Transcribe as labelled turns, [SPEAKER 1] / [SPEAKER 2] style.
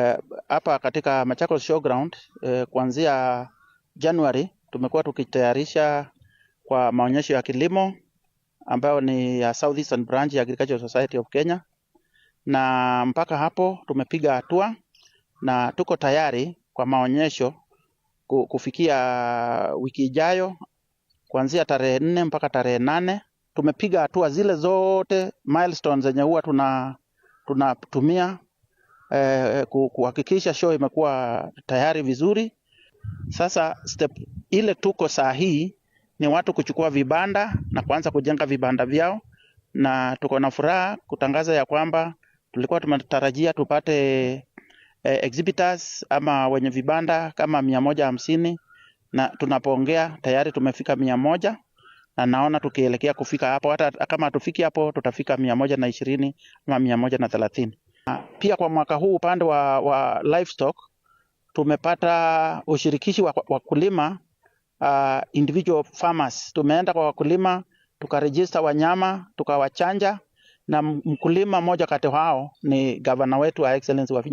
[SPEAKER 1] Eh, hapa katika Machakos Showground eh, kuanzia Januari tumekuwa tukitayarisha kwa maonyesho ya kilimo ambayo ni ya Southeastern Branch ya Agricultural Society of Kenya, na mpaka hapo tumepiga hatua na tuko tayari kwa maonyesho kufikia wiki ijayo kuanzia tarehe nne mpaka tarehe nane. Tumepiga hatua zile zote milestones zenye huwa tuna tunatumia eh, kuhakikisha show imekuwa tayari vizuri. Sasa step ile tuko saa hii ni watu kuchukua vibanda na kuanza kujenga vibanda vyao, na tuko na furaha kutangaza ya kwamba tulikuwa tumetarajia tupate eh, exhibitors ama wenye vibanda kama mia moja hamsini na tunapoongea tayari tumefika mia moja na ah, naona tukielekea kufika hapo, hata kama hatufiki hapo, tutafika mia moja na ishirini ama mia moja na thelathini. Ah, pia kwa mwaka huu upande wa, wa livestock tumepata ushirikishi wa wakulima uh, ah, individual farmers. Tumeenda kwa wakulima tukarejista wanyama tukawachanja, na mkulima mmoja kati hao ni gavana wetu wa excellence wa